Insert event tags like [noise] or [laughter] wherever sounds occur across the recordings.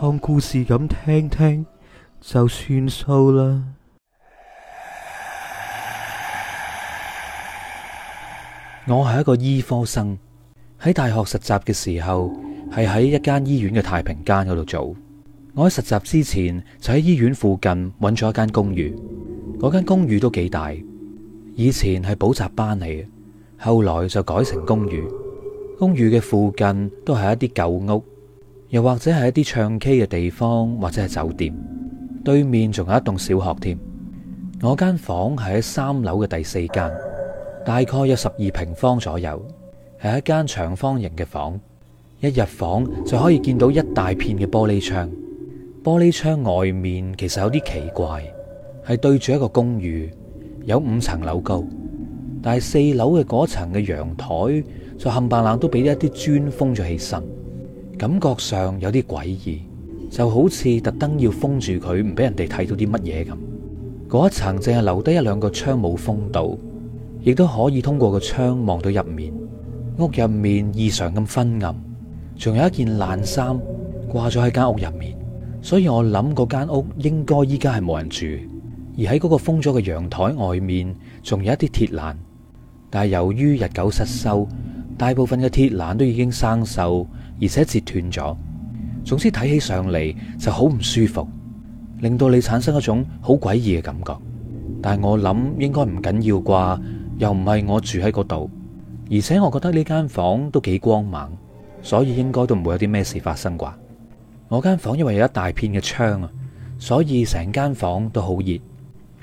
當故事咁聽聽就算數啦。我係一個醫科生，喺大學實習嘅時候係喺一間醫院嘅太平間嗰度做。我喺實習之前就喺醫院附近揾咗一間公寓。嗰間公寓都幾大，以前係補習班嚟嘅，後來就改成公寓。公寓嘅附近都係一啲舊屋。又或者係一啲唱 K 嘅地方，或者係酒店。對面仲有一棟小學添。我間房係喺三樓嘅第四間，大概有十二平方左右，係一間長方形嘅房。一入房就可以見到一大片嘅玻璃窗。玻璃窗外面其實有啲奇怪，係對住一個公寓，有五層樓高。但係四樓嘅嗰層嘅陽台就冚唪唥都俾一啲磚封咗起身。感覺上有啲詭異，就好似特登要封住佢，唔俾人哋睇到啲乜嘢咁。嗰一層淨係留低一兩個窗冇封到，亦都可以通過個窗望到入面。屋入面異常咁昏暗。仲有一件爛衫掛咗喺間屋入面，所以我諗嗰間屋應該依家係冇人住。而喺嗰個封咗嘅陽台外面，仲有一啲鐵欄，但係由於日久失修，大部分嘅鐵欄都已經生鏽。而且截斷咗，總之睇起上嚟，就好唔舒服，令到你產生一種好詭異嘅感覺。但係我諗應該唔緊要啩，又唔係我住喺嗰度，而且我覺得呢間房都幾光猛，所以應該都唔會有啲咩事發生啩。我間房因為有一大片嘅窗啊，所以成間房都好熱。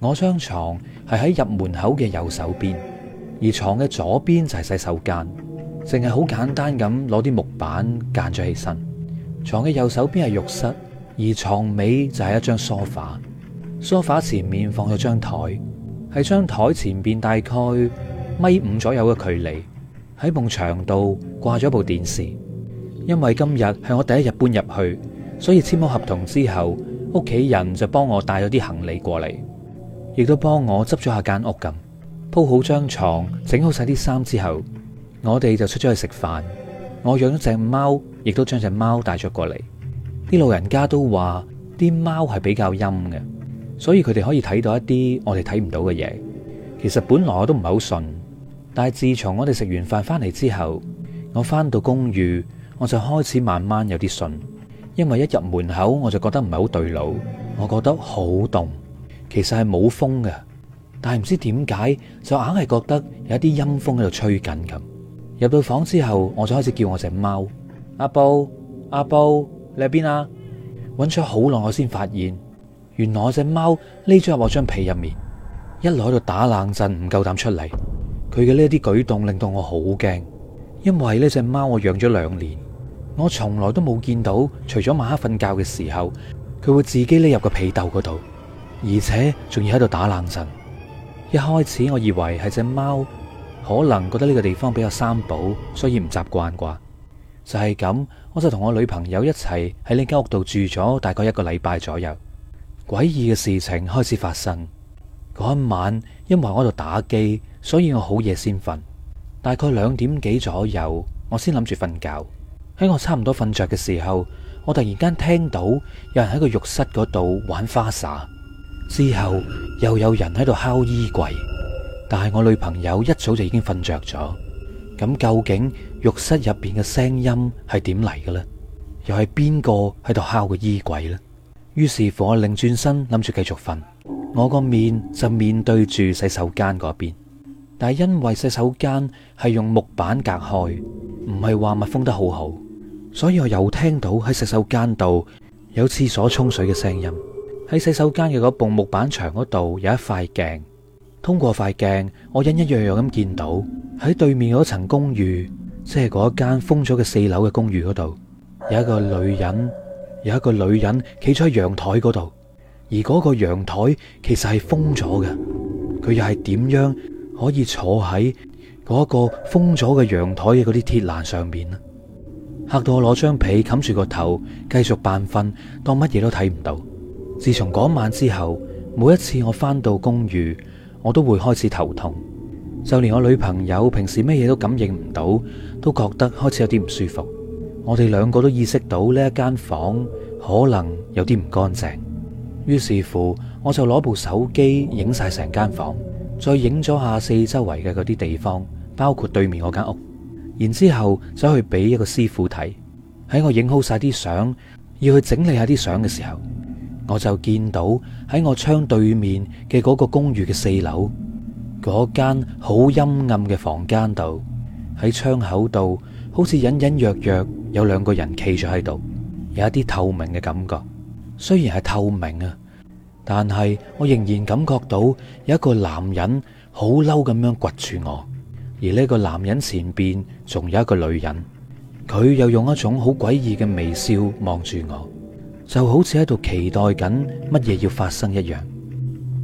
我張床係喺入門口嘅右手邊，而床嘅左邊就係洗手間。淨係好簡單咁攞啲木板間咗起身，床嘅右手邊係浴室，而床尾就係一張梳化，梳化前面放咗張台，喺張台前邊大概米五左右嘅距離，喺夢牆度掛咗部電視。因為今日係我第一日搬入去，所以簽好合同之後，屋企人就幫我帶咗啲行李過嚟，亦都幫我執咗下間屋咁鋪好張床，整好晒啲衫之後。我哋就出咗去食飯，我養咗隻貓，亦都將隻貓帶咗過嚟。啲老人家都話啲貓係比較陰嘅，所以佢哋可以睇到一啲我哋睇唔到嘅嘢。其實本來我都唔係好信，但係自從我哋食完飯翻嚟之後，我翻到公寓我就開始慢慢有啲信，因為一入門口我就覺得唔係好對路，我覺得好凍，其實係冇風嘅，但係唔知點解就硬係覺得有一啲陰風喺度吹緊咁。入到房之後，我就開始叫我隻貓，阿布阿布，你喺邊啊？搵咗好耐，我先發現，原來我隻貓匿咗入我張被入面，一路喺度打冷震，唔夠膽出嚟。佢嘅呢啲舉動令到我好驚，因為呢隻貓我養咗兩年，我從來都冇見到，除咗晚黑瞓覺嘅時候，佢會自己匿入個被竇嗰度，而且仲要喺度打冷震。一開始我以為係隻貓。可能覺得呢個地方比較三寶，所以唔習慣啩。就係咁，我就同我女朋友一齊喺呢間屋度住咗大概一個禮拜左右。詭異嘅事情開始發生。嗰一晚，因為我喺度打機，所以我好夜先瞓。大概兩點幾左右，我先諗住瞓覺。喺我差唔多瞓着嘅時候，我突然間聽到有人喺個浴室嗰度玩花灑，之後又有人喺度敲衣櫃。但係我女朋友一早就已經瞓着咗，咁究竟浴室入邊嘅聲音係點嚟嘅呢？又係邊個喺度敲個衣櫃呢？於是乎我身，我擰轉身諗住繼續瞓，我個面就面對住洗手間嗰邊。但係因為洗手間係用木板隔開，唔係話密封得好好，所以我又聽到喺洗手間度有廁所沖水嘅聲音。喺洗手間嘅嗰部木板牆嗰度有一塊鏡。通過塊鏡，我隱隱約約咁見到喺對面嗰層公寓，即係嗰一間封咗嘅四樓嘅公寓嗰度，有一個女人，有一個女人企咗喺陽台嗰度，而嗰個陽台其實係封咗嘅。佢又係點樣可以坐喺嗰個封咗嘅陽台嘅嗰啲鐵欄上面呢？吓到我攞張被冚住個頭，繼續扮瞓，當乜嘢都睇唔到。自從嗰晚之後，每一次我翻到公寓，我都會開始頭痛，就連我女朋友平時咩嘢都感應唔到，都覺得開始有啲唔舒服。我哋兩個都意識到呢一間房可能有啲唔乾淨，於是乎我就攞部手機影晒成間房，再影咗下四周圍嘅嗰啲地方，包括對面嗰間屋。然之後走去俾一個師傅睇，喺我影好晒啲相，要去整理下啲相嘅時候。我就見到喺我窗對面嘅嗰個公寓嘅四樓，嗰間好陰暗嘅房間度，喺窗口度好似隱隱約約有兩個人企咗喺度，有一啲透明嘅感覺。雖然係透明啊，但係我仍然感覺到有一個男人好嬲咁樣掘住我，而呢個男人前面仲有一個女人，佢又用一種好詭異嘅微笑望住我。就好似喺度期待緊乜嘢要發生一樣。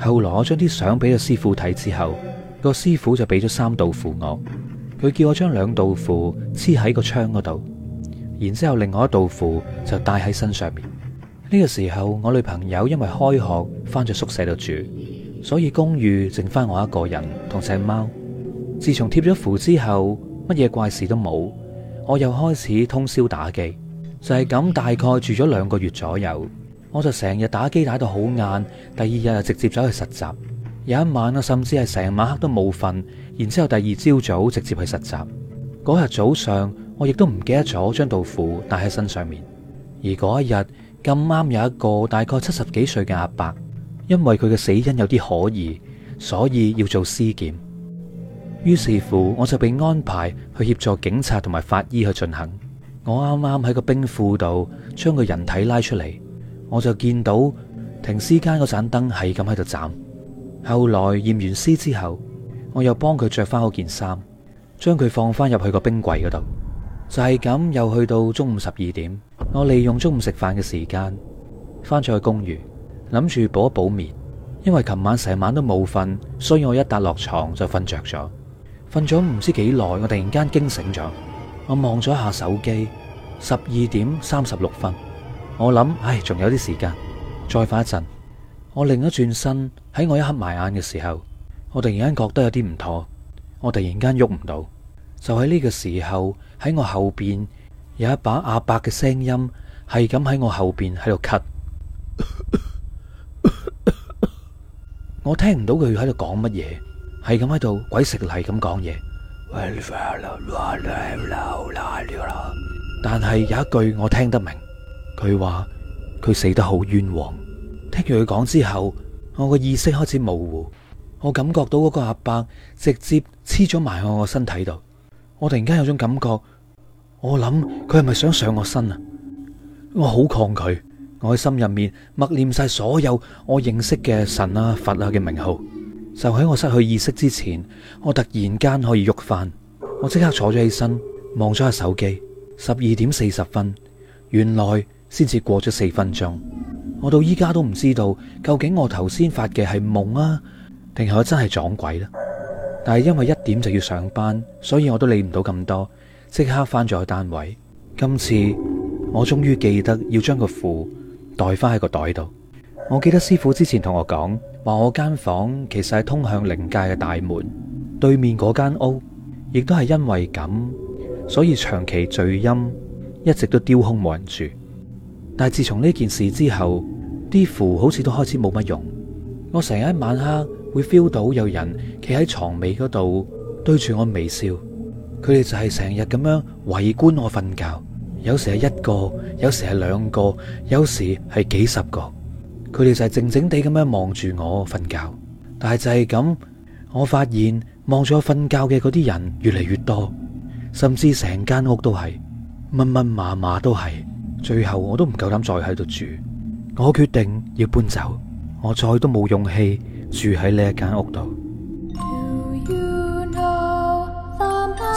後來我將啲相俾個師傅睇之後，個師傅就俾咗三道符我，佢叫我將兩道符黐喺個窗嗰度，然之後另外一道符就戴喺身上面。呢個時候我女朋友因為開學翻咗宿舍度住，所以公寓剩翻我一個人同隻貓。自從貼咗符之後，乜嘢怪事都冇，我又開始通宵打機。就係咁，大概住咗兩個月左右，我就成日打機打到好晏，第二日就直接走去實習。有一晚我甚至係成晚黑都冇瞓，然之後第二朝早直接去實習。嗰日早上我亦都唔記得咗將道符帶喺身上面。而嗰一日咁啱有一個大概七十幾歲嘅阿伯，因為佢嘅死因有啲可疑，所以要做屍檢。於是乎，我就被安排去協助警察同埋法醫去進行。我啱啱喺個冰庫度將個人體拉出嚟，我就見到停屍間嗰盞燈係咁喺度閃。後來驗完屍之後，我又幫佢着翻嗰件衫，將佢放翻入去個冰櫃嗰度。就係、是、咁，又去到中午十二點，我利用中午食飯嘅時間翻咗去公寓，諗住補一補眠。因為琴晚成晚都冇瞓，所以我一笪落床就瞓着咗。瞓咗唔知幾耐，我突然間驚醒咗。我望咗一下手機，十二點三十六分。我諗，唉，仲有啲時間，再瞓一陣。我另一轉身，喺我一黑埋眼嘅時候，我突然間覺得有啲唔妥。我突然間喐唔到，就喺呢個時候，喺我後邊有一把阿伯嘅聲音係咁喺我後邊喺度咳。 [laughs] [laughs] 我聽唔到佢喺度講乜嘢，係咁喺度鬼食泥咁講嘢。但係有一句我聽得明，佢話佢死得好冤枉。聽住佢講之後，我個意識開始模糊，我感覺到嗰個阿伯直接黐咗埋喺我身體度。我突然間有種感覺，我諗佢係咪想上我身啊？我好抗拒，我喺心入面默念晒所有我認識嘅神啊、佛啊嘅名號。就喺我失去意識之前，我突然間可以喐翻，我即刻坐咗起身，望咗下手機，十二點四十分，原來先至過咗四分鐘。我到依家都唔知道究竟我頭先發嘅係夢啊，定係真係撞鬼啦、啊。但係因為一點就要上班，所以我都理唔到咁多，即刻翻咗去單位。今次我終於記得要將個符袋翻喺個袋度。我記得師傅之前同我講。話我間房其實係通向靈界嘅大門，對面嗰間屋亦都係因為咁，所以長期聚陰，一直都丟空冇人住。但係自從呢件事之後，啲符好似都開始冇乜用。我成日晚黑會 feel 到有人企喺床尾嗰度對住我微笑，佢哋就係成日咁樣圍觀我瞓覺，有時係一個，有時係兩個，有時係幾十個。佢哋就係靜靜地咁樣望住我瞓覺，但係就係咁，我發現望住我瞓覺嘅嗰啲人越嚟越多，甚至成間屋都係，密密麻麻都係，最後我都唔夠膽再喺度住，我決定要搬走，我再都冇勇氣住喺呢一間屋度。